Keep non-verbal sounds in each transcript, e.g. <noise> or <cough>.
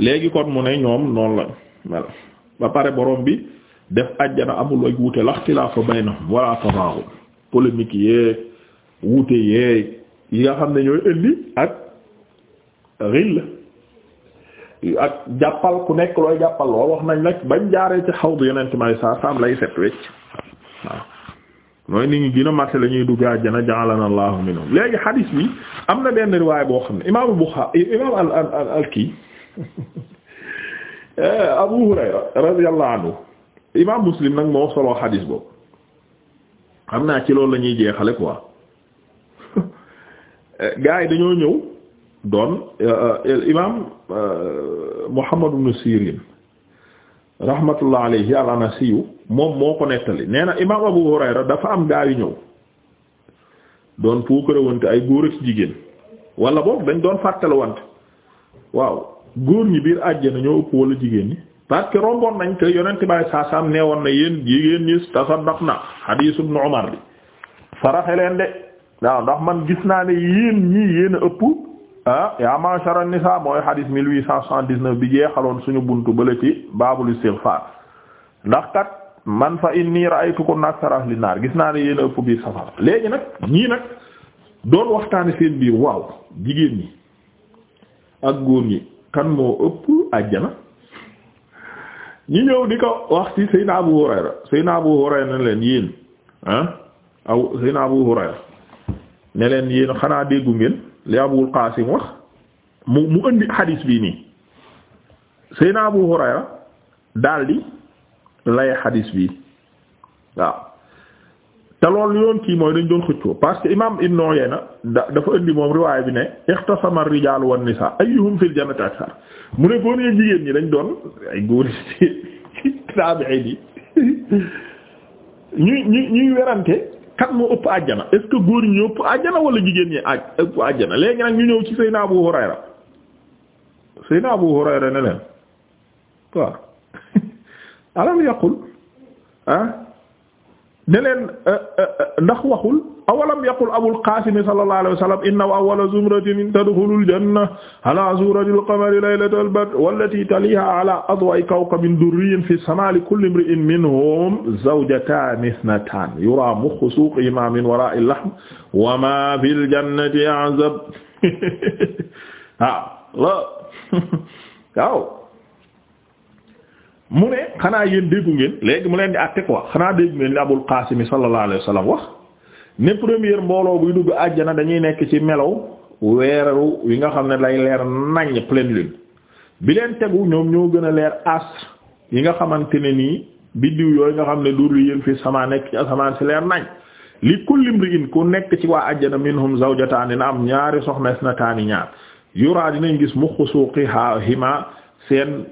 léegi kon mu ne ñoom noonu la voilà ba pare borom bi def ajjana amul ak wute laxtilaafa baynahum wala tanaawul polémique yeeg wute yeeg yi nga xam ne ñooy indi ak rill ak jàppal ku nekk looy jàppal lool wax nañ nag bañ jaaree ci xawdu yonent may saa saam lay set wecc waaw mooy nit ñi gën a màtte la ñuy dugg àjjana ja'alana Allahu minhum léegi xadiis bi am na benn riwaay boo xam ne imaamul Buxaari imaam al al al kii <laughs> Eh, Abu Hurayra radiyallahu anhu imaam Muslim nag moo solo xadiis boobu xam naa ci loolu la ñuy jeexale quoi <laughs> eh, gaa yi dañoo ñëw doon eh, imaam Muhammad ibn Sirin rahmatullah alayhi al-Anasiyu moom moo ko nettali nee na imaam Abu Hurayra dafa am gaa yu ñëw doon puukarewante ay góor ak jigéen walla boog dañ doon fàttalewante waaw góor ñi biir àjjana ñoo ëpp wala jigéen ñi parce que romboon nañ que yonent baay saasaam nee woon na yéen jigéen ñi tasaddaq na xadiis ibnu Umar bi saraxe leen de waaw ndax man gis naa ne yéen yéen a ëpp ah yaa ma'shara nisaa mooy xadiis mille huit cent soixante bi jeexaloon suñu buntu bële ci baabul istighfar ndax kat man fa inni ra'aytukunna akthara gis naa ne yéen a ëpp biir safara léegi nag ñii nag doon waxtaane seen biir waaw jigéen ñi ak góor ñi kan moo ëpp àjjana ñi ñëw di ko wax ci Seydina Abu Hurayra Seydina Abu Hurayra ne leen yéen ah aw Seydina Abu Hurayra ne leen yéen xanaa déggu ngeen li Abul Qaasim wax mu mu indi xadiis bii nii Seydina Abu Hurayra daldi lay xadiis bii te loolu yoon kii mooy dañ doon xëccoo parce que imam Ibn na da dafa indi moom riwaay bi ne ixtasama ar-rijaal wan nisaa ayyuhum fil jannati akthar mu ne góor ñi jigéen ñi dañ doon ay góor ci taabi'iin yi ñuy ñuy ñuy werante kan moo ëpp àjjana est ce que góor ñi ëpp àjjana wala jigéen ñi aj ëpp àjjana léegi nag ñu ñëw ci Seydina Abu Hurayra Seydina Abu Hurayra ne leen waaw alam yaqul ah ne leen euh, euh, ndax waxul awalam yaqul abul qasim sallallahu alayhi wa sallam inna awwala zumratin tadkhulul janna ala suratil qamari laylatal badr wallati taliha ala adwa'i kawkabin durriyyin fi sama li kulli imri'in minhum zawjatan ithnatan yura mukhu suqihima min wara'i lahm wa ma fil jannati a'zab <laughs> waaw <laughs> mu ne xanaa yéen déggu ngeen léegi mu leen di àtte quoi xanaa déggu ngeen li Abul Qaasim sallallahu alayhi wa sallam wax ne première mbooloo buy dugg àjjana dañuy nekk ci melow weeru wi nga xam ne lay leer naññ pleine lune bi leen tegu ñoom ñoo gën a leer astre yi nga xamante ne nii biddiw yooyu nga xam ne dur lu yéen fi sama nekk ci asamaan si leer nañ li kulli mri'in ku nekk ci waa àjjana minhum zawjataani na am ñaari soxna isnataani ñaar yuraa dinañ gis muxu suuqihaa seen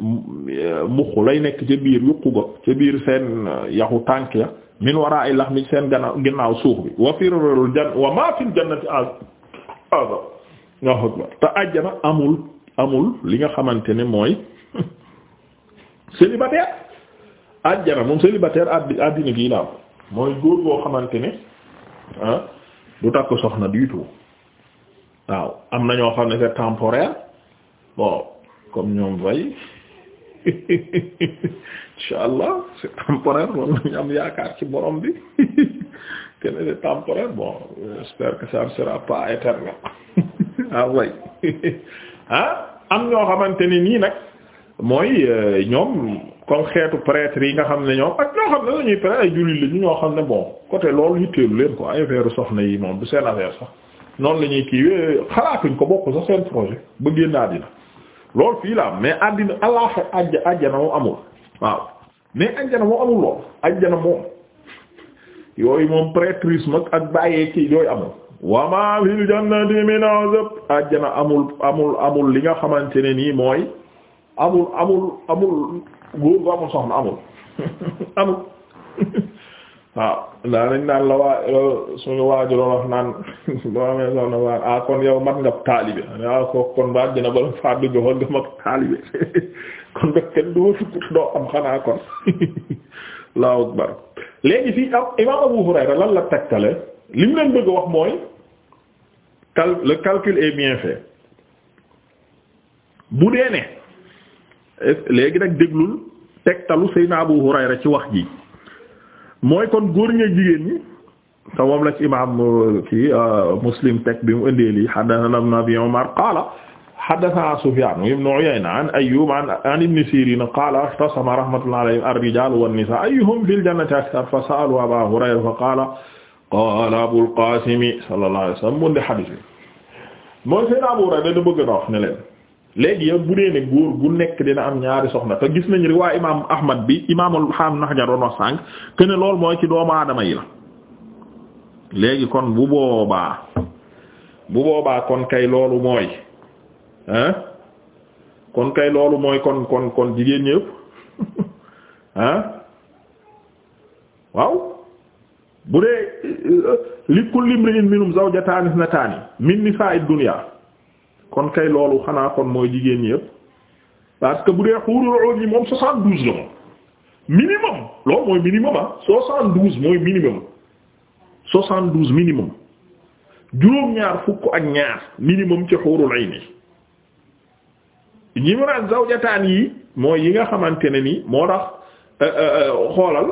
euh, mbuq lay nekk ca biir yuqu ga ca biir seen euh, yaxu tànk ya min wara'i lahmi seen gannaaw ginnaaw suuf bi wa firul janna wa ma fil jannati azab te àjjana amul amul li nga xamante ne mooy <laughs> célibataire àjjana moom célibataire addi gii la mooy góor boo xamante ne ah du takk soxna du tout waaw am na ñoo xam ne c'est temporaire comme ñoom fay insha allah c'est temporaire loolu ñu am yaakaar ci borom bi que c'est temporaire bon j'espère que ça ne sera pas éternel ah, ah, am ñoo xamante ni nii nag mooy euh, ñoom comme xeetu prêtre yi nga xam ne ñoom ak ñoo xam ne dañuy prêtre ay jullit lañu ñoo xam ne bon côté loolu yitteelu leen ko ay affaire soxna yi moom du seen affaire sax noonu la ñuy kiiwee xalaatuñ ko bokk sax seen projet ba génn àddina loolu fii la mais àddina allah ajja ajjana moom amul waaw mais ajjana moom amul lool ajjana moom yooyu moom prêtrisme ak bàyyee ci yooyu amul wama fil jannati min azab ajjana amul amul amul li nga xamante ne nii mooy amul amul amul góor gu amul soxna amul <laughs> amul <laughs> waaw ah, daa lañ naan la waa suñu waajuroon wax naan boo amee soxna waa ah kon yow mat nga taalibe ah ko kon ba dina bala faa dugg xool nga mat taalibe <laughs> kon nag kenn doo am xanaa kon <laughs> Allahu akbar léegi fii am ah, imaam Abu Hurayra lan la tegtale li mu leen bëgg a wax mooy cal le calcul est bien fait bu dee ne léegi nag déglul tegtalu Seydina Abu Hurayra ci wax ji. mooy kon góor ñee jigéen ñi te moom la ci imaam euh, kii euh, muslim teg bi mu indee lii haddathana ibn abi umar qaala haddathana sufyaan ibn uyayna an ayyuub an ibn siriin qaala ihtasama rahmatullahi alayhim ar-rijaal wan-nisaa ayyuhum fil jannati akthar fa sa'aluu abaa hurayra fa qaala qaala abul qaasim sallallahu alayhi wa sallam mu ngi di hadiis bi mooy seen abu hurayra da bëgg na wax ne leen léegi yow bu dee ne góor bu nekk dina am ñaari soxna te gis nañ riwaa imaam Ahmad bi imaamul xam nax ja doon wax loolu mooy ci doomu aadama yi la. léegi kon bu boobaa bu boobaa kon kay loolu mooy ah kon kay loolu mooy kon kon kon jigéen ñëpp ah <laughs> waaw. bu dee li kulli imri'in minhum zawjataani ithnataani min nisaa'i dunya kon kay loolu xanaa kon mooy jigéen ñi yëpp parce que bu dee xuurul oon yi moom soixante douze la moom minimum loolu mooy minimum ah soixante douze mooy minimum juróom-ñaar fukk ak ñaar minimum ci xuurul ay ni ñi mën zawjataan yi mooy yi nga xamante ne ni moo tax euh, euh, euh, xoolal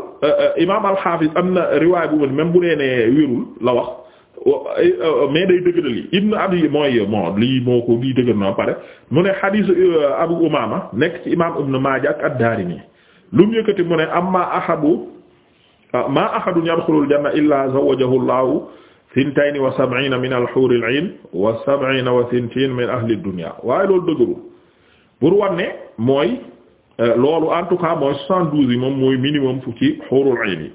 imaam al am na riwaay bu même bu dee ne wérul la wax Euh, euh, mais day dëgëral yi ibnu abi mooy bon lii moo ko lii dëgër na pare mu ne xadiis euh, abu umaama nekk ci imaam ibnu maaja ak ad-daarimi lu mu yëkkati mu ne amma ahadu ah, ma ahadun yadxulul janna illa zawwajahu allahu thintayni wa sab'ina min al-huril 'ayn wa sab'ina wa thintin min ahli dunya waaye loolu dëgërul pour wanne mooy loolu en tout cas mooy soixante-douze yi moom mooy minimum fu ci hurul 'ayn yi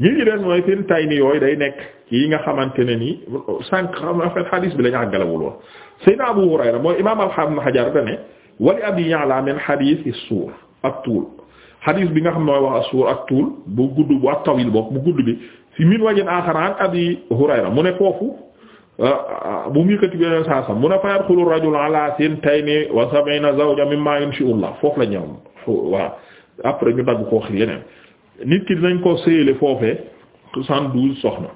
ñi ñi des mooy seen tay yooyu day nekk yi nga xamante ne nii sànq xam nga fat xadiis bi la ñu àggalawul woon Seydina Abu Hurayra mooy imam alxaamna xajar dane wali abi ya'la min suur ak tuul xadiis bi nga xam nooy wax suur ak tuul bu gudd bu ak tawil bopp bu gudd bi fi min wajin axaraan abi Hurayra mu ne foofu ah, bu mu yëkkati beneen saa sam mu ne fa yadxulu rajul ala seen tay ni zawja mimma yunshi'ullah foofu la ñëw waaw après ñu dagg nit ki dinañ ko séyale foofee soixante-douze soxna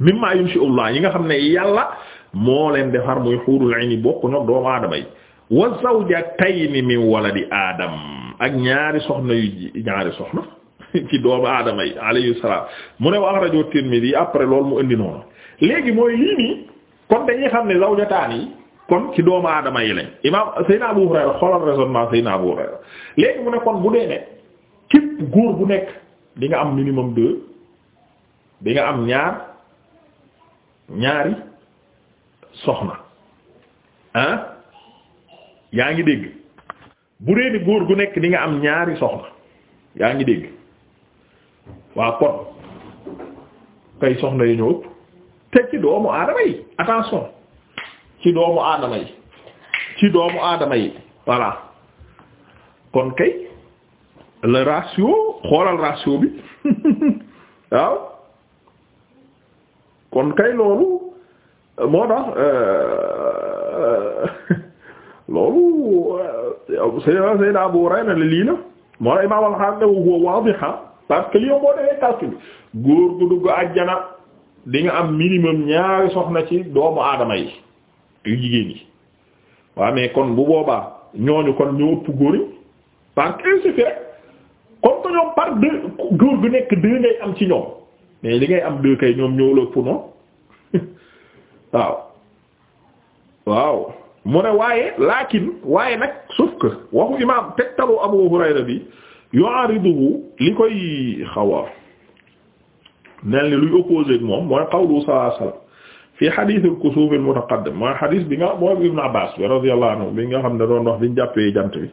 mimma yumshillah yi nga xam ne yàlla moo leen defar muy xuurul ayni bokk ñoom doomu aadama yi wa zawjatayni wala waladi aadam ak ñaari soxna yu ñaari soxna <laughs> ci doomu aadama yi alayhi salaam mu ne wa axrajo Tirmidhi après loolu mu indi noonu léegi mooy lii xam ne zawjataan yi kon ci doomu aadama yi lañ imaam Seydina mu ne kon bu dee ne képp góor bu nekk di nga am minimum deux di nga am ñaar ñaari soxna ah yaa ngi dégg bu dee góor gu nekk di nga am ñaari soxna yaa ngi dégg waa kon kay soxna yi ñoo ëpp te ci doomu aadama yi attention ci doomu aadama yi ci doomu aadama yi voilà kon kay le ratio xoolal ratio bi <laughs> waaw kon kay loolu moo tax euh, euh, <laughs> loolu euh, Seydina Seydina Abu Hurayra la lii la moo tax Imaam al-Hasan huwa waadiha parce que li yow boo defee calcul góor gu dugg àjjana di am minimum ñaari soxna ci doomu aadama yi yu jigéen yi waaw mais kon bu boobaa ñooñu kon ñu ëpp góor parce que ainsi comme que ñoom par deux góor bi nekk deux ngay am ci ñoom mais li ngay am deux kay ñoom ñoo la ëpp noonu <laughs> waaw waaw mu ne waaye laakin waaye nag sauf que waxu imaam tegtalu Abu Hurayra bi yu'ariduhu li koy xawa nel ni luy opposé moom mooy qawlu sallallahu alayhi wasallam fi hadith al-kusuf al-mutaqaddim mooy hadith bi nga mooy Ibn Abbas radiyallahu anhu bi nga xam ne doon wax biñ jàppee jant bi.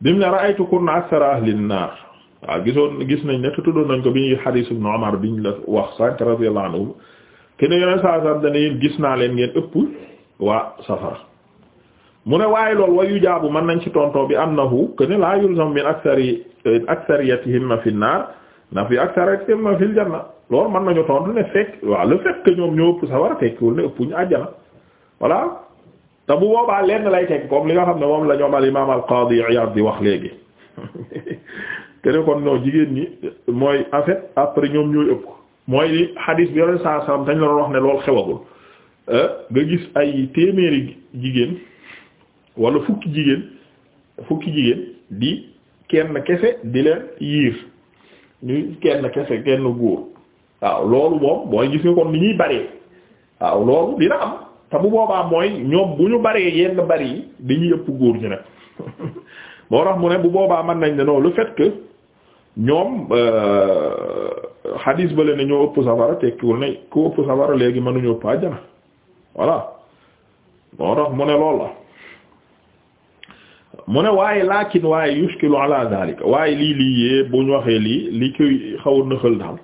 bim ne ra'aytu kunna akthara ahli an waa gisoon gis nañ ne tuddoon nañ ko bi ñuy xadiis ibnu Umar biñ la wax sànq radiyallahu anhu kenn yeneen saa saa dana yéen gis naa leen ngeen ëpp waa safara mu ne waaye loolu yu jaabu mën nañ ci tonto bi annahu kaana laa yulzamu min akthari akthariyatihim fi naar na fi akthariyatihim fi al-janna loolu mën nañu tontu ne fekk waaw le fait que ñoom ñoo ëpp safara tekkiwul ne ëpp ñu àjjana voilà te bu boobaa lenn lay teg comme li nga xam ne moom la ñoom al imaam al wax léegi. <laughs> kene kon non jigéen ñi mooy en fait après ñoom ñooy ëpp mooy li hadis bi yore saa salaam dañ la wax ne loolu xewagul euh, nga gis ay téeméeri jigéen wala fukki jigéen fukki jigéen di kenn kese di leen yiir ñu kenn kese kenn góor waaw loolu moom mooy gis nga kon ni ñuy baree waaw loolu dina am te bu boobaa mooy ñoom bu ñu baree yenn bari yi dañuy ëpp góor ñu nag <laughs> moo tax mu ne bu boobaa mën nañ ne non le fait que ñoom xadiis euh, ba leen ñoo ëpp safara tekkiwul ne ku ëpp safara léegi mënuñu ëpp àjjana voilà moo tax mu ne lool la mu ne waaye laakin waaye yushkilu ala daalika waaye lii lii yee bu waxee lii li koy xaw a nëxal daal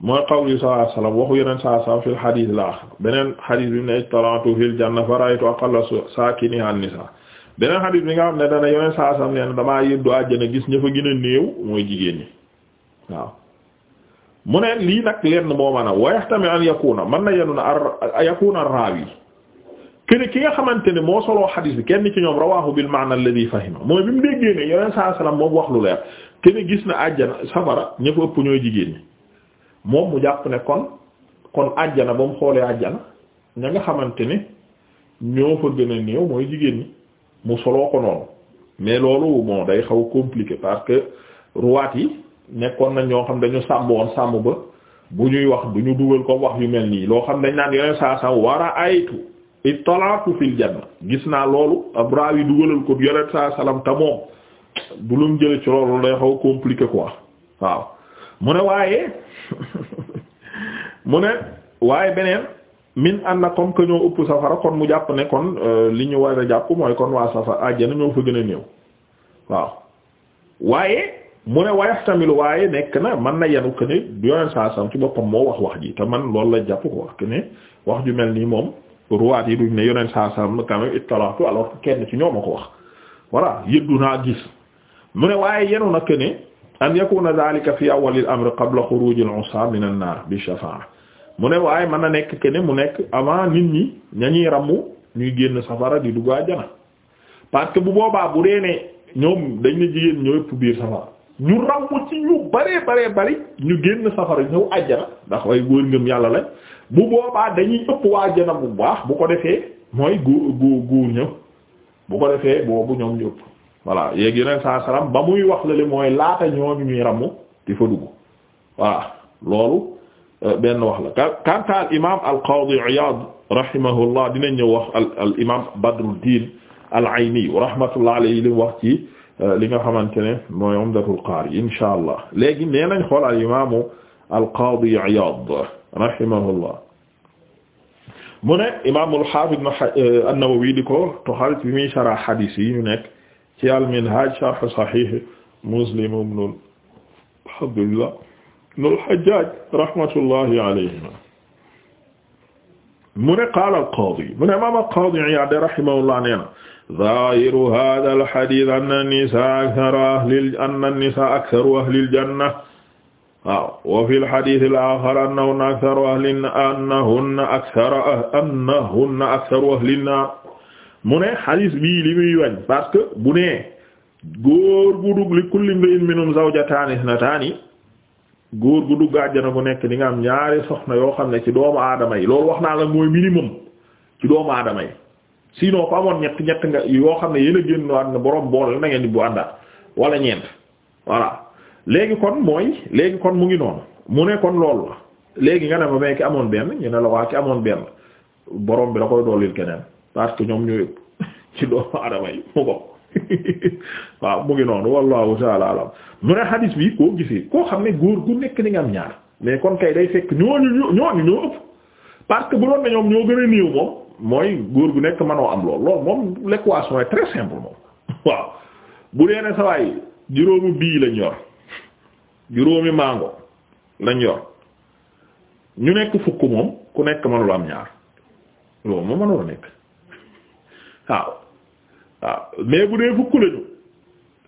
mooy qawli sallallahu alayhi waxu yeneen saa saa fil xadiis la beneen xadiis bi mu ne ittala'tu fil janna fara'aytu aqalla saakiniha an-nisaa beneen xadis bi nga xam ne dana yoneen saa sam neen damaa yëddu àjjana gis ña fa gën a néew mooy jigéen ñi ne lii nag lenn moo mën a wayaxtami an man na yenu na ar yakuna ki nga xamante ne moo soloo xadis bi kenn ci ñoom rawahu bil maana alladhi fahima mooy bi mu saa sallam moom lu leer kene gis na àjjana safara ña fa ëpp ñooy jigéen kon kon àjjana ba mu xoolee àjjana ña nga xamante ne ñoo mooy jigéen mu soloo ko noonu mais loolu bon day xaw compliqué parce que ruwaat yi nekkoon nañ ñoo xam dañu sàmm woon sàmm ba bu ñuy wax du ñu dugal ko wax yu mel nii loo xam dañ naan yoneen saa saa war a aytu ittalaatu fil janna gis naa loolu ab raaw yi dugalal ko yoneen saa salam te moom du lu mu ci loolu day xaw compliqué quoi waaw mu ne waaye <laughs> mu ne waaye beneen min anna comme que ñoo safara kon mu jàpp ne kon euh, li ñu war a jàpp mooy kon waa safara àjjana ñoo fa gën a néew waaw waaye mu ne wayaxtamilu waaye nekk na man na yenu que du yoneen saa sam ci boppam moo wax wax ji te man loolu la jàpp ko wax que ne wax ju mel nii moom ruwaat yi duñ ne yoneen saa sam quand même ittalaatu alors kenn ci ñoom ko wax voilà yëddu naa gis mu ne waaye yenu na que ne an yakuna dhalika fi awwalil amr qabla xurujil usa min mu ne waaye mën a nekk que ne mu nekk avant nit ñi ñañuy ramu ñuy génn safara di dugg àjjana parce que bu boobaa bu dee ne ñoom dañ ne jigéen ñoo ëpp biir safara ñu ramu ci ñu baree baree bari ñu génn safara ñëw àjjana ndax way góor ngëm yàlla la bu boobaa dañuy ëpp waa àjjana bu baax bu ko defee mooy góor gu góor ñëw bu ko defee boobu ñoom ñu ëpp voilà yeeg yeneen saa salaam ba muy wax la le mooy laata ñooñu ñuy ramu di fa dugg voilà loolu. Euh, benn wax la kanta al imam al qadi Iyad rahimahullah dina ñëw wax al al imam Badruddin al Ayni wax ci euh, li nga xamante ne mooy Umdatul Qaari insha allah léegi nee nañ xool al imaamu al qaadi Iyaad rahimahullah mu ne imaamul haafid euh, an-Nawawi di ko toxal ci muy sharh hadiis yi nekk ci al Minhaaj sharh Sahiih Muslim ibn alhamdulillah nul Hajjaaj rahmatullahi alayhima mu ne qaala al-qaadi mu ne imaam al-qaadi Iyaad rahimahullah nee na zaahiru haadhal hadiis anna an-nisaa aktharu ahli anna an-nisaa aktharu ahli al-janna waaw wa fil hadiis al-aakhar annahunna aktharu ahli annahunna aktharu ah, annahunna aktharu ahli an-naar mu ne hadiis bii li muy wàññi parce que bu nee góor gu dugg li kulli imri'in minhum zawjataani ithnataani góor gu dugg àjjana gu nekk di nga am ñaari soxna yoo xam ne ci doomu aadama yi loolu wax naa la mooy minimum ci doomu aadama yi sinon ko amoon ñett ñett nga yoo xam ne yéen génn waat ne borom boole na ngeen di bu àndaat wala ñeent voilà léegi kon mooy léegi kon mu ngi noonu mu ne kon léegi nga ne ma ki amoon benn ñu ne waa ki amoon benn borom bi da koy dollil keneen parce que ñoom ñoo yëpp <laughs> ci doomu aadama yi mu ko. <laughs> waaw mu ngi noonu wallahu ta'ala alam mu ne xadis bi koo gisee koo xam ne góor gu nekk ni nga am ñaar mais kon kay day fekk ñooñu ñoo ñooñu ñoo ëpp parce que bu doon ne ñoom ñoo gën a néew moom mooy góor gu nekk mënoo am moom l'équation est très simple moom <laughs> waaw bu dee ne sawaay juróomi bii lañ yor ñu nekk ku nekk mënul am ñaar loolu moom mënul a nekk waaw waaw mais bu dee fukk lañu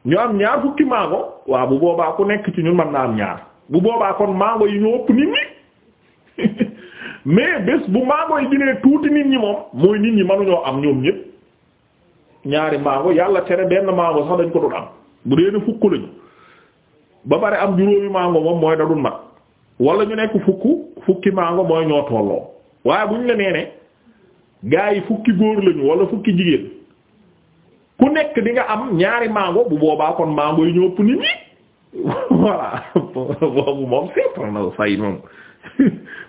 ñu am ñaar fukki mango waaw bu boobaa ku nekk ci ñun mën na am ñaar bu boobaa kon mango yi ñoo ëpp nit ñi <laughs> mais bés bu mango yi ginee tuuti nit ñi moom mooy nit ñi mënuñoo am ñoom ñépp ñaari mango yàlla cere benn mango sax dañ ko doon am bu dee ne fukk lañu ba pare am juróomi màngo moom mooy da mat wala ñu nekk fukk fukki màngo mooy ñoo tolloo waaye bu ñu la nee gaa yi fukki góor lañu wala fukki jigéen ku nekk di nga am ñaari mango bu boobaa kon mango yi ñoo ëpp nit ñi <laughs> voilà boobu moom seetlu na say moom. <laughs>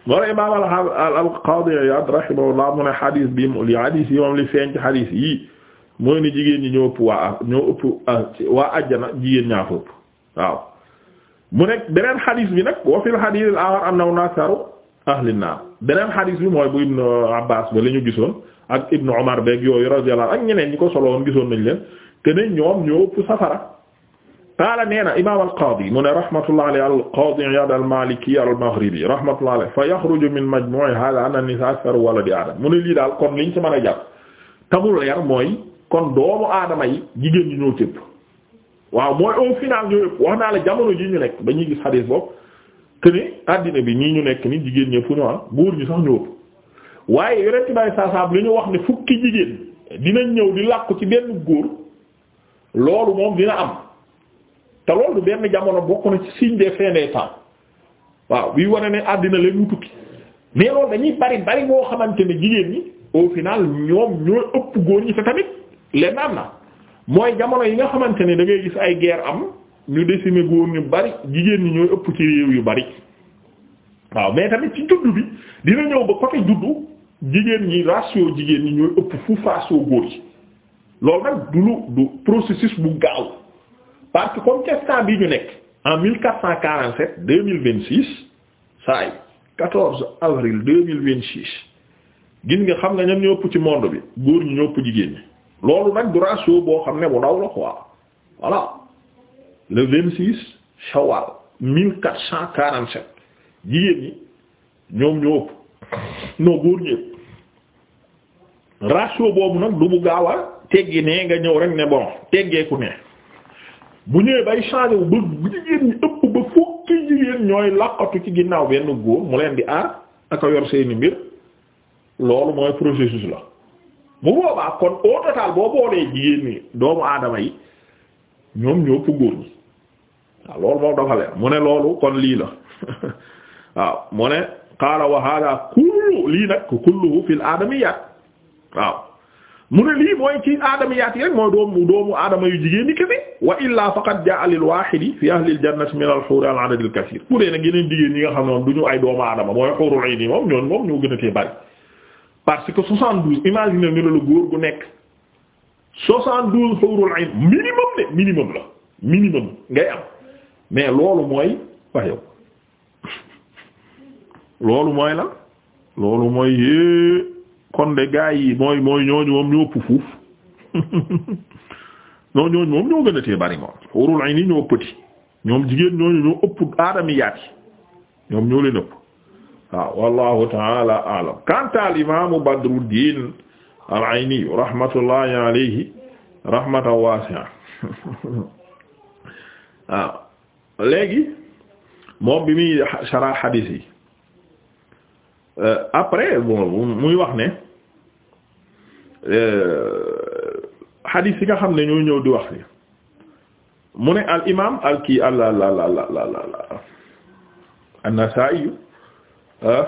moo ne imaam al-Qaadi Iyaad rahimahullah mu ne xadis bi li xadis yi moom li feeñ ci xadis mooy ni jigéen ñi ñoo ëpp waa ñoo ëpp ah, waa àjjana jigéen ñaa fa waaw. mu nekk beneen xadis bi nag wa fil xadis al-aaxar annahu nasaru ahli naar beneen xadis bi mooy bu Ibn Abbaas ba la ñu gisoon. ak ibnu Umar beeg yooyu radiyallahu ak ñeneen ñi ko soloon gisoon nañ leen te ne ñoom ñoo ëpp safara qaala nee na imam al-Qaadi mu ne rahmatullahi alayhi al-Qaadi Iyaad al-Maaliki al-Maghribi rahmatullahi alayhi fa yaxruju min majmuu'i haadhaa anna an-nisaa aktharu waladi mu ne lii daal kon liñ ci mën a leer mooy kon doomu aadama yi jigéen ñi ñoo cëpp waaw mooy au final ñoo ëpp wax naa la jamono ji ñu nekk ba ñuy gis xadiis boobu te ni àddina bi ñii ñu nekk ni jigéen waaye yonent bay saasaam li ñu wax ne fukki jigéen dinañ ñëw di làqu ci benn góor loolu moom dina am te loolu benn jamono bokk na ci signe des fins temps waaw bii wane ne àddina leen mu tukki mais loolu dañuy bari bari boo xamante ne jigéen ñi au final ñoom ñooy ëpp góor ñi te tamit lenn am na mooy jamono yi nga xamante ne dangay ngay gis ay guerre am ñu décimer góor ñu bari jigéen ñi ñooy ëpp ci réew yu bari waaw mais tamit ci juddu bi dina ñëw ba côté juddu jigéen ñi ratio jigéen ñi ñooy ëpp fu ratio góor yi loolu nag du lu du processus bu gaaw parce que comme instant bi ñu nekk en 1447 2026 saa yi 14 avril 2026 gis nga xam nga ñoom ñoo ëpp ci monde bi góor ñi ñoo ëpp jigéen ñi loolu nag du ratio boo xam ne bu ndaw la quoi voilà le 26 Shawwal 1447 jigéen ñi ñoom ñoo ëpp. non góor ñëpp ratio boobu nag du mu gaaw a teggi nee nga ñëw rek ne bon teggeeku ne bu ñëwee bay changé bu jigéen ñi ëpp ba fukki jigéen ñooy laqatu ci ginnaaw benn góor mu leen di aar aka yor seeni mbir loolu mooy processus la bu boobaa kon au boo boolee jigéen ñi doomu aadama yi ñoom ñoo ëpp góor ñi waaw loolu moom dafa mu ne loolu kon lii la <laughs> waaw mu ne qaala wa hada kullu lii nag kulluhu fil aadamiyaat waaw mu ne lii mooy ci aadamiyaat yi rek mooy doomu doomu aadama yu jigéen ñi kese wa illaa faqad jaa lil waahidi fi ahlil jannati min al xuuri al adad al kasiir bu dee nag yeneen jigéen ñi nga xam ne moom du ñu ay doomu aadama mooy xuurul ayni yi moom ñoon moom ñoo gën a tee bari parce que 72 imagine ñu ne la góor gu nekk 72 xuurul ayni minimum de minimum la minimum ngay am mais loolu mooy wax yow loolu mooy la loolu mooy yée kon de yi mooy mooy ñooñu moom ñoo ëpp fuuf <laughs> non ñooñu moom ñoo gën a tee bari moom xuurul ay ni ñoo ñoom jigéen ñooñu ñoo ëpp aadami ñoom ñoo leen ëpp waaw wallahu taala alam quant al imaamu Badruddin al Ayni rahmatullahi alayhi rahmatan wasi'a <laughs> waaw léegi moom bi muy sharah hadith Euh, après mu muy wax ne euh, hadith yi nga xam ne ñoo ñëw di wax ni mu ne al imaam al kii al al al al al al an-Nasaa'i euh,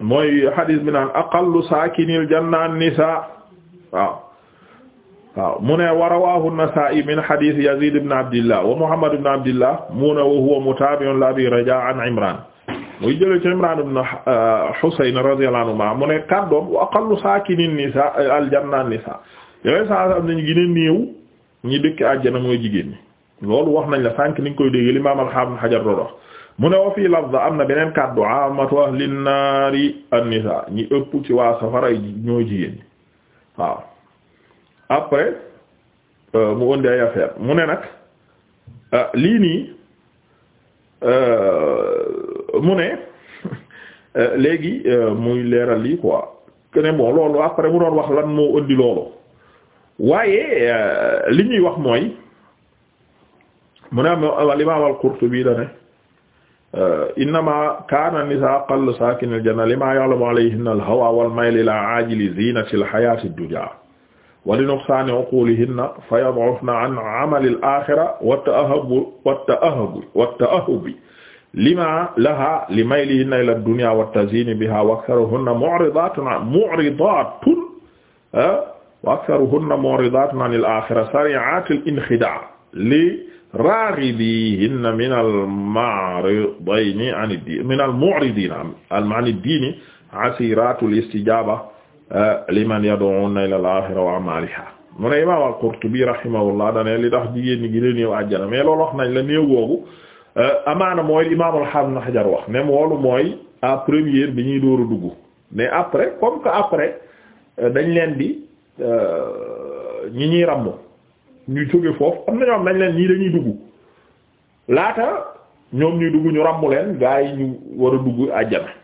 mooy hadith bi naan aqallu saakinil janna an-nisaa waaw waaw mu ne wa rawahu an-Nasa'i min hadith Yazid ibn Abdillah wa Muhammad ibn Abdillah mu ne wa huwa mutabi'un li Abi Raja' an Imran muy jële ci Imran ibn Husayn radiyallahu anhuma mu ne kaddoom wa aqallu sakinin nisa al-janna nisa yooyu saa am nañu gën a néew ñi dëkk àjjana mooy jigéen ñi loolu wax nañ la sànq ni nga koy dégg li Imam al-Hafiz Hajar doon wax wa fii lafza am na beneen kaddu amatu ahli an-naari an-nisa ñi ëpp ci waa safara ñooy jigéen ñi waaw après euh, mu ëndi ay mu ne nag ah, lii nii euh, mu ne <laughs> euh, léegi muy leeral lii quoi que ne après mu doon wax lan moo ëndi loolu waaye li ñuy wax mooy mu ne al imaam al Qurtubi ne innama kaana nisaa aqallu saakin al janna lima ya'lamu alayhinna al hawa wal mayl ila ajili zinati al hayati ad-dunya wa li nuqsaani uquulihinna fa yad'ufna an amalil aaxira wa ta'ahhub wa ta'ahhub wa ta'ahhub lima laha li maylihinna ila dunya wa taziini biha wa aktharuhunna mu'ridaatun mu'ridaatun wa aktharuhunna mu'ridaatun anil aaxira sarii'aatil inxidaa' li raagibiihinna minal mu'ridayni anid diin minal mu'ridiina anid diini asiiraatul istijaaba Eh, liman yad'una ila al-akhirah wa amaliha mu ne imam al-Qurtubi rahimahullah dane li tax jigéen ñi gën a néew àjjana mais loolu wax nañ la néew googu eh, amaana mooy imam al-Hafiz Ibn wax ne moolu mooy à première bi ñuy dóor a dugg mais après comme que après eh, dañ leen di ñi ñuy ràmm ñu jóge foofu am na ñoom dañ leen ñii dañuy dugg laata ñoom ñuy dugg ñu ràmm leen gaa yi ñu war a dugg àjjana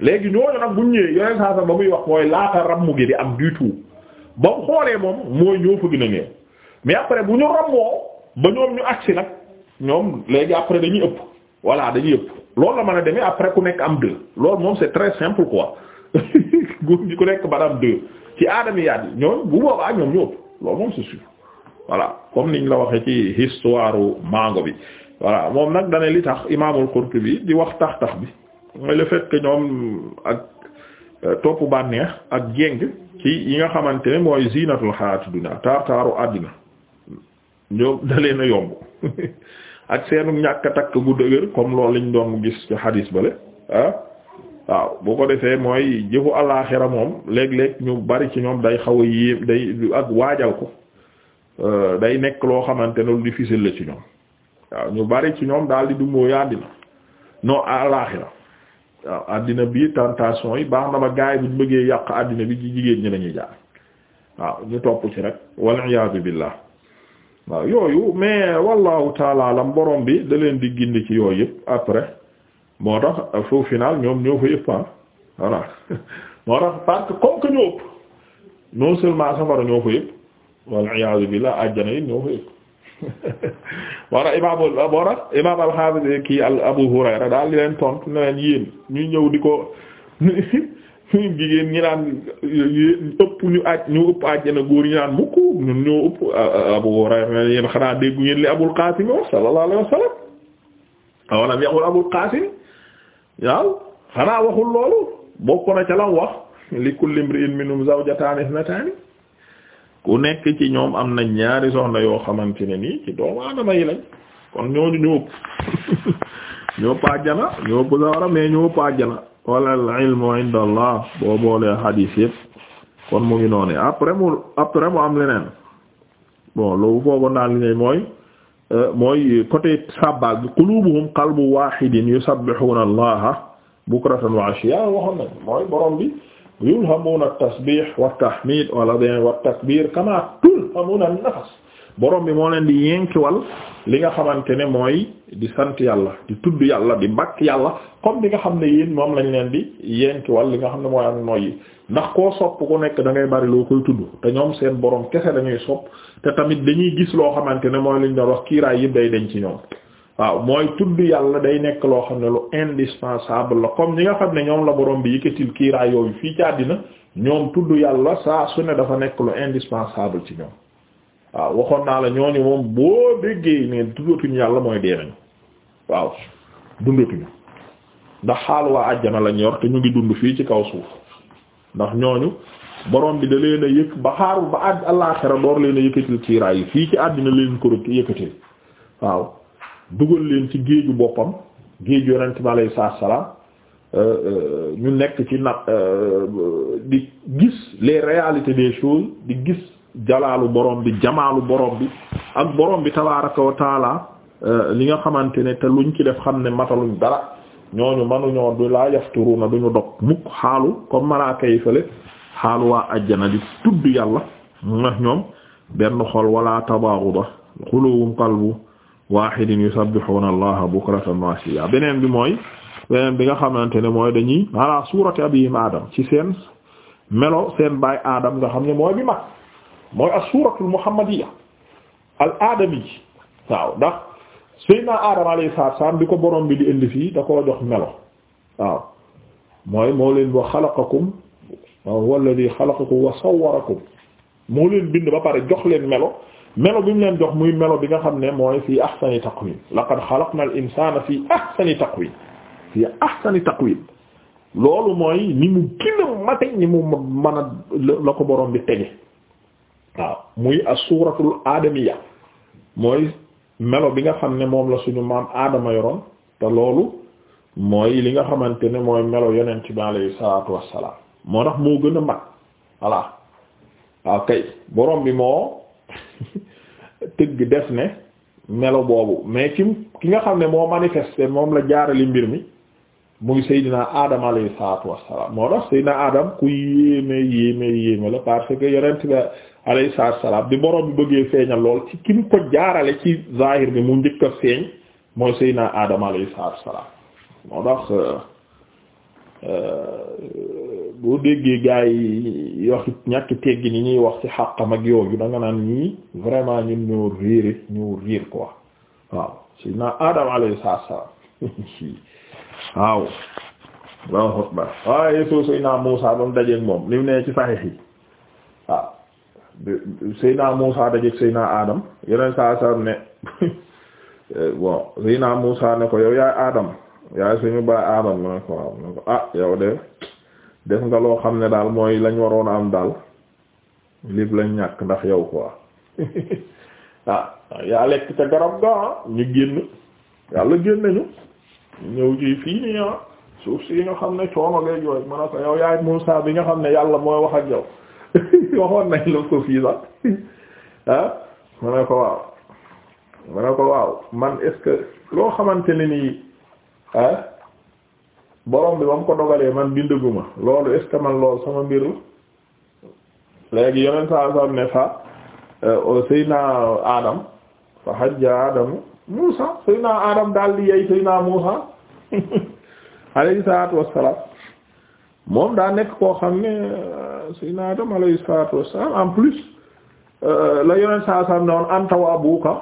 léegi ñooñu nag bu ñu ñëwee yoneen saa ba muy wax mooy laata mu gi di am du tout ba mu xoolee moom mooy ñoo fa na a mais après bu ñu rammoo ba ñoom ñu agsi nag ñoom léegi après dañuy ëpp voilà dañuy ëpp loolu la mën a demee ku nekk am deux loolu moom c'est très simple quoi góor <laughs> ku nekk ba am ci aadami yaat yi ñoom bu boobaa niñ la waxee ci histoire mango bi voilà moom nag dane li tax imaamul bi di wax tax tax bi. mooy le fait ñoom ak euh, topp bànneex ak jéng ci yi nga xamante ne mooy zinatul xayaatu dunya taar taaru àddina ñoom dalee na yomb <laughs> ak seenu ñàkk a takk gu dëgër comme loolu lañu doon gis ci xadis ba ah waaw bu ko defee mooy jëfu alaaxira moom léeg-léeg ñu bari ci ñoom day xaw a yéem day ak waajal ko euh, day nekk loo xamante ne lu difficile la ci ñoom waaw ñu bari ci ñoom daal di du moo yaandi alaaxira waaw àddina bi tentation yi baax na ma gaay bu ñu bëggee yàq àddina bi ci jigéen ñi lañuy jaar waaw ñu topp ci rek wal iyaadu billah waaw yooyu mais wallahu taala la borom bi da leen di gindi ci yooyu yëpp après moo tax fau final ñoom ñoo fa yëpp ah <laughs> moo tax parce comme que ñoo ëpp non seulement safara ñoo fa yëpp wal iyaadu billah àjjana yi ñoo fa yëpp wara <laughs> imaamul boora imaam al kii al Abu Hurayra daal di leen tontu ne leen yéen ñu ñëw di ko <laughs> jigéen ñi ëpp ñu aj ñu ëpp àjjana góor ñu naan mukk ñun ëpp Abu Hurayra yéen xanaa déggu ngeen li Abul Qaasim wax sallallahu alayhi wa sallam awalam yaqul Abul Qaasim xanaa waxul loolu bokk na ca wax li kulli imri'in minhum zawjataani ithnataani ku nekk ci ñoom am na ñaari soxna yoo xamante ne nii ci doomu aadama yi lañ kon ñooñu ñu ëpp ñoo paajana <laughs> ñoo ëpp sawara mais ñoo paajana wala ilmu inda allah boo boolee hadith yëpp kon mu ngi noonu après mu après mu am leneen bon loolu foogoon naa li ne mooy euh, mooy côté sabbal bi qulubuhum qalbu wahidin yusabbihuna allaha bukratan wa ashiya waxoon nañ mooy borom bi yulhamuuna tasbih wa tahmid wala bien wa takbir kama tulhamuuna nafas borom bi moo leen di yenkiwal li nga xamante ne mooy di sant yàlla di tudd yàlla di mbakk yàlla comme li nga xam ne yéen moom lañ leen di yenkiwal li nga xam ne mooy ak noyyi ndax koo sopp ku nekk da ngay bari loo koy tudd te ñoom seen borom kese dañuy sopp te tamit dañuy gis loo xamante ne mooy ñu doon wax kiiraay yëpp day denc ci ñoom waaw mooy tudd yàlla day nekk loo xam ne lu indispensable la comme ñi nga xam ne ñoom la boroom bi yëkkatil kiiraay yooyu fii ci àddina ñoom tudd yàlla saa su ne dafa nekk lu indispensable ci ñoom waaw waxoon naa la ñooñu moom boo déggee ne tuddatuñu yàlla mooy dee nañu waaw dundatuñu ndax xaal waa àjjana lañ yor te ñu ngi dund fii ci kaw suuf ndax ñooñu borom bi da leen a yëkk ba xaarul ba àdd alaaxira door leen a yëkkatil kiiraay yi fii ci àddina leen ko yëkkatil dugal leen ci géeju boppam géeju yonent bi alayhi salaam euh, euh, ñu nekk ci na euh, di gis les réalités des choses di gis jalaalu borom bi jamaalu borom bi ak borom bi tabaaraka wa taala li nga xamante ne te luñ ci def xam ne mataluñ dara ñooñu manuñoo du laa yafturu na duñu dog mukk xaalu comme malaaka yi fële xaalu waa ajjana di tudd yàlla ndax ñoom benn xol wala tabaaxu ba xulowum qalbu wahidin yusabbihuna allaha bukratan wa asiya beneen bi mooy beneen bi nga xamante ne mooy dañuy ala suurati abihim adam ci seen melo seen baay adam nga xam ne mooy bi mag mooy as-suuratul muhammadiyya al aadami ji waaw ndax sayyidina adam alayhi salaatu salaam bi ko borom bi di indi fii da koo jox melo waaw mooy moo leen wa xalaqakum wa huwa alladhi xalaqakum wa sawwarakum moo leen bind ba pare jox leen melo melo bi mu leen jox muy melo bi nga xam ne mooy fii ahsani taqwim laqad xalaqna al insana fii ahsani taqwim fii ahsani taqwim loolu mooy ni mu gën a mate ni a muy as-suratul aadamiya mooy melo bi nga xam ne moom la suñu maam aadama yoroon te loolu mooy li nga xamante ne mooy melo yonent bi alayhi salaatu wassalaam moo tax moo gën a mat waaw kay borom bi moo <laughs> tëgg def ne melo boobu mais ki ki nga xam ne moo manifesté moom la jaarali mbir mi muy Seydina Adam alayhi salaatu wassalaam moo tax Seydina Adam ku yéeme yéeme yéeme la parce que yonent bi alayhi salaatu wassalaam bi borom bi bëggee feeñal lool ci ki mu ko jaarale ci zahir bi mu njëkk a feeñ mooy Seydina Adam alayhi salaatu wassalaam moo tax euh, euh, boo déggee gaa yi wax ñàkk teggi ni ñuy wax ci xàqam ak yooyu da nga naan ñii vraiment ñun ñoo réere ñoo riir quoi waaw sayyidina Adam alayhi salaam <laughs> waaw waaye soo sayyidina Muusa ba dajeek moom li mu nee ci saxiix yi waaw sayyidina Adam yeneen saa salaam ne <laughs> bon naa Muusa ne ko yow yaay Adam yaay suñu baay Adam mu ne ko waaw mu ne ko ah yow de def nga loo xam ne daal mooy lañ waroon a am daal lépp lañ ñàkk ndax yow quoi <laughs> ah yaa lekk ca garab ga ñu génn yàlla génn nañu ñëw ci fii nii ah suuf si nga xam ne coono ngay jooy ma ne ko yow yaay Muusaa bi nga xam ne yàlla mooy wax ak yow <laughs> waxoon nañ la ko fii sax <laughs> ah ma ne ko waaw ma ne ko waaw man est loo xamante ne nii ah. borom bi ba ko dogalee man bindaguma loolu est-ce que man loolu sama mbir la léegi yonent saa sallam ne fa euh, Seydina Adam fa hajja Adamu Muusa Seydina Adam daal di yey Seydina Muusa <laughs> alayhi salaatu wassalaam moom daa nekk koo xam ne euh, Seydina Adam alayhi salaatu wassalaam en plus euh, la yonent saa sallam ne woon anta abuka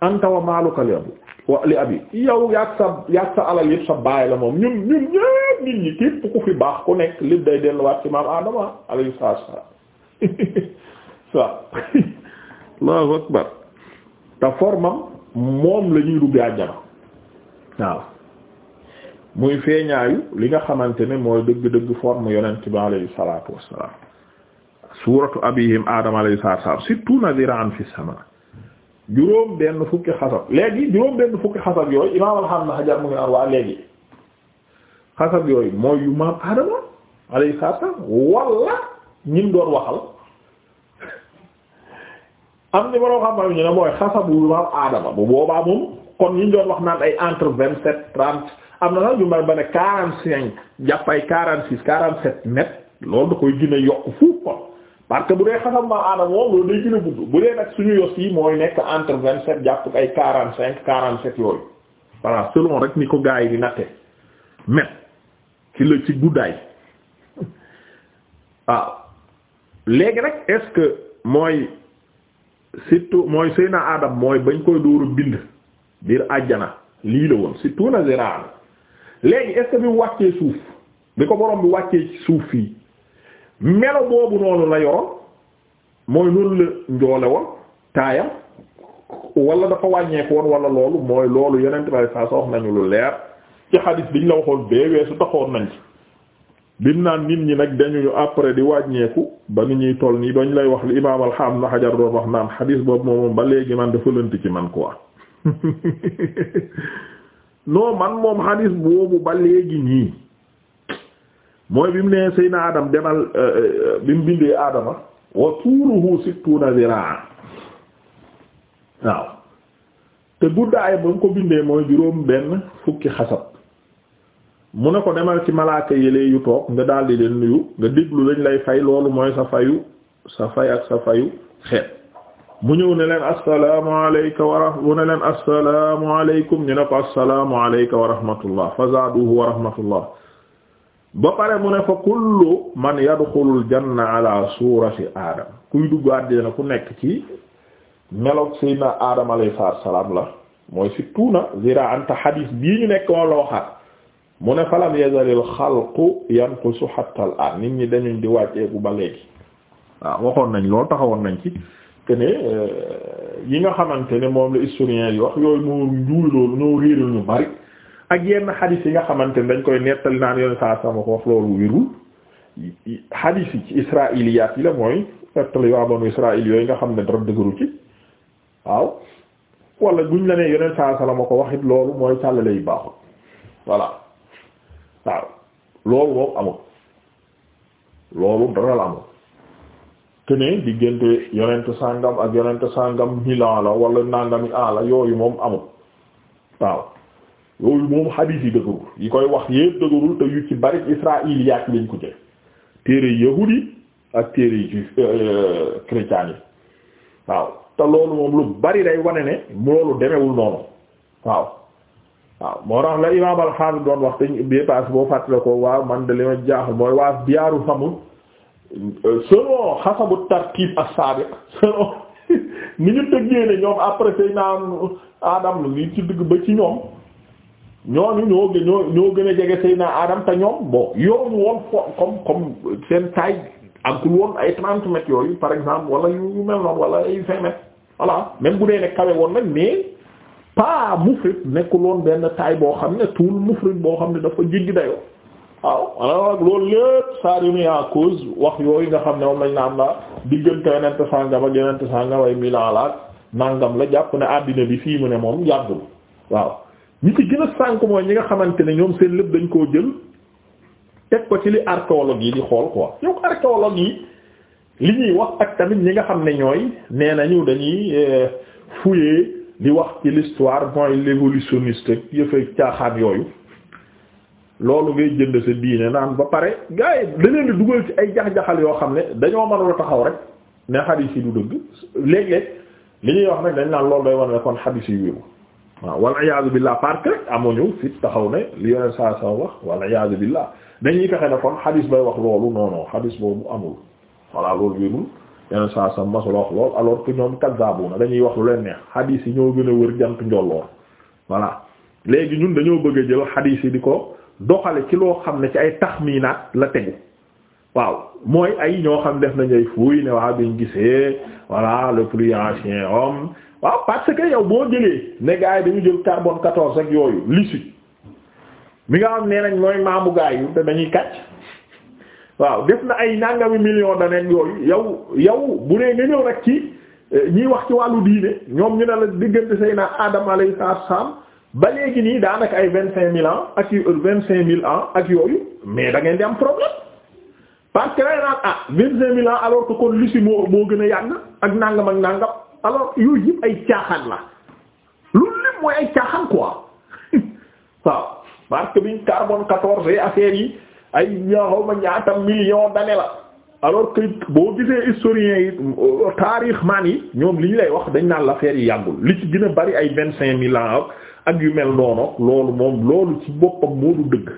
anta maaluka li wa li abi yow yaag sa yaag sa alal yëpp sa baay la moom ñun ñun ñëpp nit ñi képp ku fi baax ku nekk lépp day delluwaat ci maam Adama alayhi salaatu wa salaam <laughs> <laughs> Allahu akbar te formam moom la ñuy dugg àjjana waaw muy feeñaayu li nga xamante ne mooy dëgg-dëgg forme yonent mu alayhi salaatu wa salaam suuratu abihim aadama alayhi salaatu wa salaam na nadiran fi sama juróom benn fukki xasab léegi juróom benn fukki xasab yooyu imaam alxam na xajar mu ngi naan waa léegi xasab yooyu mooy yu maam adama alayhi salaam walla ñim doon waxal am ni baroo xam ma mooy xasab yu maam adama bu boobaa moom kon ñim doon wax naan ay entre vingt sept trente am na sax ñu mel ba ne quarante cinq jàppay quarante six quarante sept mètres loolu da koy gën yokk fuuf kon parce que bu dee xasam ma aadam moom loolu day gën a gudd bu dee nag suñu yos yi mooy nekk entre vingt sept jàpp ay quarante cinq quarante sept yooyu voilà selon rek ni ko gars yi di natte met ci la ci guddaay waaw <laughs> ah. léegi nag est-ce que mooy surtout mooy Seyna Adam mooy bañ koy dóoru bind biir àjjana lii la woon surtout na ziraan léegi est-ce que bi wàccee suuf bi ko borom bi wàccee ci suuf fii melo boobu noonu la yoroon mooy noonu la njoole woon taayam wala dafa wàññeeku woon wala loolu mooy loolu yeneen tubaab yi wax nañu lu leer ci bi biñ la waxoon bee weesu taxoon nañ ci. bim naan nit ñi nag dañuñu après di wàññeeku ba ni ñuy toll nii bañ lay wax li imaam alxam na xajar doon wax naan xadis boobu moom ba léegi man dafa lënt ci man quoi <laughs> non man moom xadis boobu ba léegi nii. mooy bi mu nee Seyna Adam demal euh, euh, euh, bi mu bindee Adama wa tuuruhu sittuuna ziraa waaw te guddaay ba mu ko bindee mooy juróom benn fukki xasab mu ne ko demal ci malaaka yële yu toog nga daldi leen nuyu nga déglu lañ lay fay loolu mooy sa fayu sa fay ak sa fayu xeet mu ñëw ne leen assalaamu alayka wa mu ne leen assalaamu alaykum ñu ne ko assalaamu alayka wa rahmatullah fa zaaduhu wa rahmatullah ba pare mu ne fa kullu man yadxulul janna ala surati adam kuy dugg na ku nekk ci meloog sayyidina adam alayhi salaam la mooy situna zira anta xadiis bii ñu nekk moom la waxaat mu ne falam yazalil xalqu yanqusu hatta al an nit ñi dañuñ di wàcceeku ba léegi waaw waxoon nañ loolu taxawoon nañ ci que ne euh, yi nga xamante ne moom la historien yi wax yooyu moo njuuy loolu ñoo réeral ñu bari ak yenn xadis yi nga xamante ne dañ koy nettali naan yoon saa sama ko wax yi yooyu nga xam ne dara dëgëru ci waaw wala buñ la nee ko wax it mooy càllale yu baaxul voilà waaw loolu moom amul loolu dara la amul te yooyu moom amul waaw yooyu moom xadiis yi dëgërul yi koy wax yépp dëgërul te yu ci bari israiliyaat lañ ko jël téere yahud yi ak téere juif euh, chrétien yi waaw te loolu moom lu bari day wane ne loolu demewul noonu waaw waaw moo tax la imaam alxaafis doon wax te bee pass boo fàttale ko waaw man de li ma jaaxal mooy waa biyaaru samul euh, selon xasabu tartiib as-saabiq selon <laughs> ni ñu tëggee ne ñoom après seen adam li ci dugg ba ci ñoom ñooñu ñoo gën ñoo gën a jege Seydina Adam te ñoom bon yoruñu woon fo comme comme seen taille ak woon ay 30 yooyu par exemple wala yu mel noonu wala ay 20 mètres voilà même bu dee ne kawe woon nag mais pas mufrit nekkul woon benn taille boo xam ne tuul mufrit boo xam ne dafa jéggi dayoo waaw alors loolu lépp yu remet en cause wax yooyu nga xam ne moom lañ naan la diggante yenente sàngam ak yenente sàngam ay milan la nangam la jàpp ne àddina bi fii mu ne moom yàggul waaw ñi ci gën a sànk ñi nga xamante ne ñoom seen lépp dañ koo jël teg ko ci li archéologue yi di xool quoi yow archéologue yi li ñuy wax ak tamit ñi nga xam ne ñooy nee nañu dañuy euh, fouiller di wax ci l'histoire mooy l'évolutionniste yëfe caaxaan yooyu loolu ngay jënd sa diine naan ba pare gars yi di dugal ci ay jax-jaxal yoo xam ne dañoo mënula taxaw rek ne xadiis yi du dëgg léeg-léeg li ñuy wax nag dañ naan lool day wan ne kon xadiis yi wéru waaw wal iyaazu billah parce que amuñu fit taxaw ne li yoneen saa saa wax wal iyaazu billah dañuy fexe ne kon xadis bay wax loolu non xadis boobu amul voilà loolu wérul yeneen saa saa masula wax lool alors que ñoom kazzabuna dañuy wax lu leen neex xadis yi ñoo gën a wër jant njolloor voilà léegi ñun dañoo bëgg a jël xadis yi di ko doxale ci loo xam ne ci ay taxminaat la tegu waaw mooy ay ñoo xam def nañu ay fuuy ne waa biñ gisee voilà le plus ancien homme waaw parce que yow boo jëlee ne gars yi dañu jël carbone 14 ak yooyu lisu mi nga xam ne nañ mooy maamu gars yi te dañuy kàcc waaw def na ay nangami millions da nekk yooyu yow yow bu dee nga ñëw rek ci eh, ñiy wax ci wàllu diine ñoom ñu ne la diggante say naa Adam alayhi salaam ba léegi nii daanaka ay vingt cinq mille ans ak euh, vingt mille ans ak yooyu mais da ngeen di am problème parce que day ah vingt cinq mille ans alors que kon lisi moo moo gën a yàgg ak nangam ak nangam. alors yooyu yëpp ay caaxaan la loolu lépp mooy ay caaxaan quoi <laughs> waaw parce que biñ carbone quatorze affaire yi ay ñaaxaw ma ñaata million d'années la alors que boo gisee historiens yi euh, taarix maan yi ñoom li ñu lay wax dañ naan l'affaire yi yàggul li ci gën a bari ay vingt cinq mille ak yu mel noonu loolu moom loolu ci boppam moo du dëgg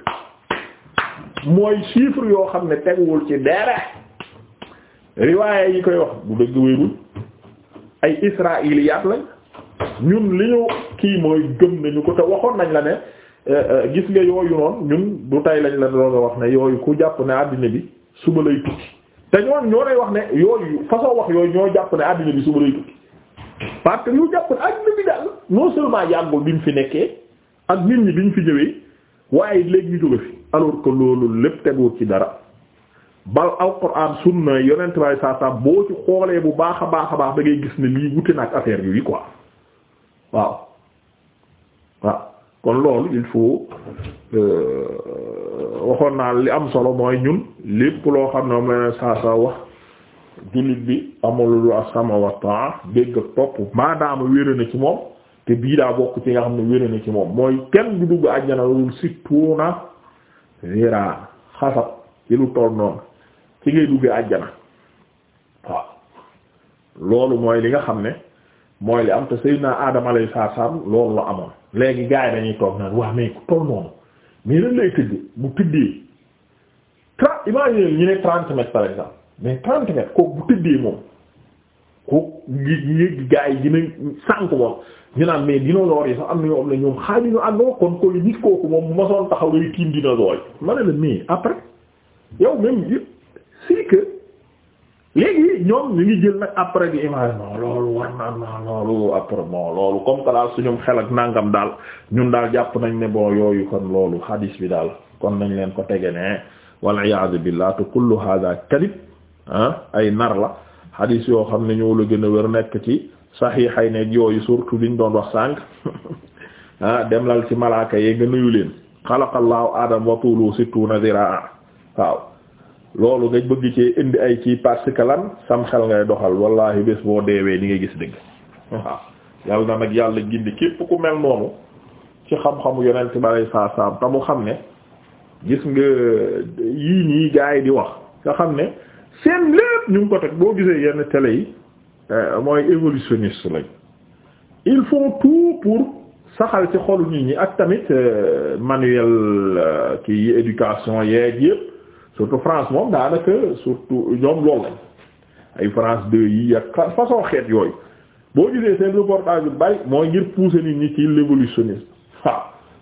mooy chiffre yoo xam ne teguwul ci dara riwaaya yi koy wax bu dëgg wéerul ay israiliyaat lañ ñun li ñu kii mooy gën nañu ko te waxoon nañ la ne euh, euh, gis nga yooyu noonu ñun du tey lañ la doon wax ne yooyu ku jàpp ne àddina bi suba lay tukki te ñoon ñoo lay wax ne yooyu façon wax yooyu ñoo jàpp ne àddina bi suba lay tukki parce que ñu jàpp ne àddina bi daal non seulement yàggul bi mu fi nekkee ak nit ñi bi ñu fi ñëwee waaye léegi ñu jóge fi alors que loolu lépp teguwul ci dara bal alquran sunna yonent baay saa saa boo ci xoolee bu baax a baax a baax da ngay gis ni lii wute nag affaire yi quoi waaw waaw kon loolu il faut euh, waxoon naa li am solo mooy ñun lépp loo xam ne moom la saa saa wax jullit bi amul as-sama wa ta'a dégg ak topp maadaama wéere na ci moom te bii daa bokk ci nga xam ne wéere na ci moom mooy kenn du dugg àjjana loolu surtout na zira xasab ci lu toll noonu. ci ngay duggee àjjana waaw loolu mooy li nga xam ne mooy li am te Seydina Adama alayhi salaam loolu la amoon léegi gars dañuy toog naan waa mais ku noonu mais lan lay bu tëddee moom kooku gi gars yi dinañ sànk moom ñu naan mais dinosaures yi sax am na yoo xam ne ñoom xaaju ñu àndoo kon koy kooku moom bu ma taxaw lay tiim dinosaures yi ma ne la mais après yow même yëpp. léegi ñoom ñu ngi jël nag après bi image non loolu war na non loolu après bon loolu comme que daal suñu xel ak nangam daal ñun daal jàpp nañ ne bon yooyu kon loolu hadis bi daal kon nañ leen ko tege ne wal iyaadu billah te kullu hada kadib ah, ay nar la hadis yoo xam ne ñoo la gën a war nekk ci saxiixay ne yooyu surtout liñ doon wax sànq <laughs> ah, dem lal ci malaaka yee nga nuyu leen xalaqallahu aadama wa tuulu sittuuna diraa waaw. loolu nga bëgg ci indi ay ci parce que lan sam xel ngay doxal wallahi bés boo deewee ni nga gis dëgg waaw yàlla na nag yàlla gindi képp ku mel noonu ci xam-xamu yonent ba lay saa saam xam ne gis nga yii nii gaa yi di wax nga xam ne seen lépp ñu ko teg boo gisee yenn télé yi euh, mooy évolutionniste lañ il font tout pour saxal ci xolu nit ñi ak tamit euh, manuel euh, ki éducation yeeg yëpp surtout France moom daanaka surtout ñoom loolu lañ ay France 2 yi ak façon xeet yooyu boo gisee seen reportage yu bari mooy ngir pousser nit ñi ci l'évolutionnisme waaw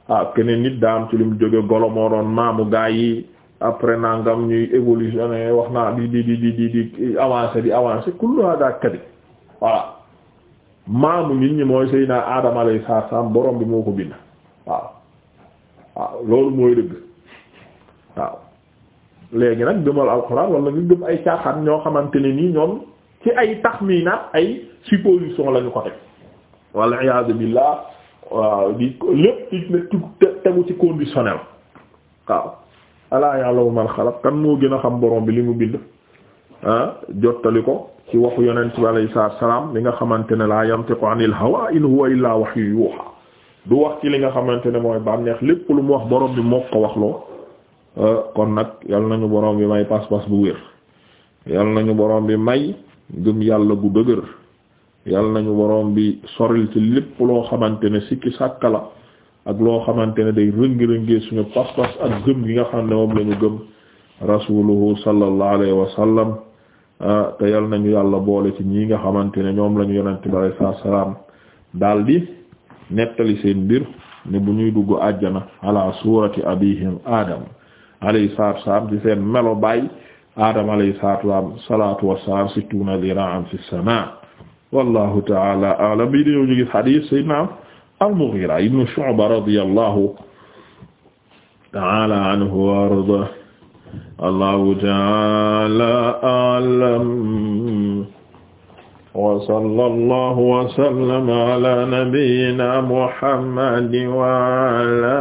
waaw keneen nit daa am ci lu mu jóge golo moo doon maamu gaa yi après nangam ñuy évolutionné wax naa di di di di di avancé di avancé kullu hada kadi voilà maamu nit ñi mooy sëy naa Adama alayhi salaam borom bi moo ko bind waaw waaw loolu mooy dëgg léegi nag gëmal alxuraan wala nga gëm ay caaxaan ñoo xamante ne nii ñoom ci ay taxminaat ay supposition lañu ko teg walla iyaadu billaah waaw di lépp tegu ci conditionnel waaw alaa ya'lamu man xalaq kan moo gën a xam borom bi li mu bind ah jottali ko ci waxu yonent bi sa salaam li nga xamante ne laa yantiqu anil hawaa in huwa illaa wahyu yuuhaa du wax ci li nga xamante ne mooy bànneex lépp lu mu wax borom bi moo ko wax Euh, kon nag yal nañu borom bi may pas-pas bu wér yal nañu borom bi may gëm yàlla gu dëgër yal nañu borom bi soril ci lépp loo xamante ne sikki sàkka la ak loo xamante ne day rëngi-rëngee suñu pas-pas ak gëm gi nga xam ne moom lañu gëm rasuluhu sallallahu alayhi wa sallam ah, te yal nañu yàlla boole ci ñi nga xamante ne ñoom lañu yonente bi alayhi salaatu salaam daldi nettali seen mbir ni bu ñuy dugg àjjana ala surati abihim adam alayhi salaatu wassalaam ci seen melo baay Adam alayhi salaatu wassalaam sittuuna ziraa'an fi samaa wallahu ta'ala a'lam bi di ñu gis hadiis sayyidina al-Mughira ibn Shu'ba radiyallahu ta'ala anhu wa ardaahu allahu ta'ala a'lam wa sallallahu wa sallama ala nabiyyina Muhammadin wa ala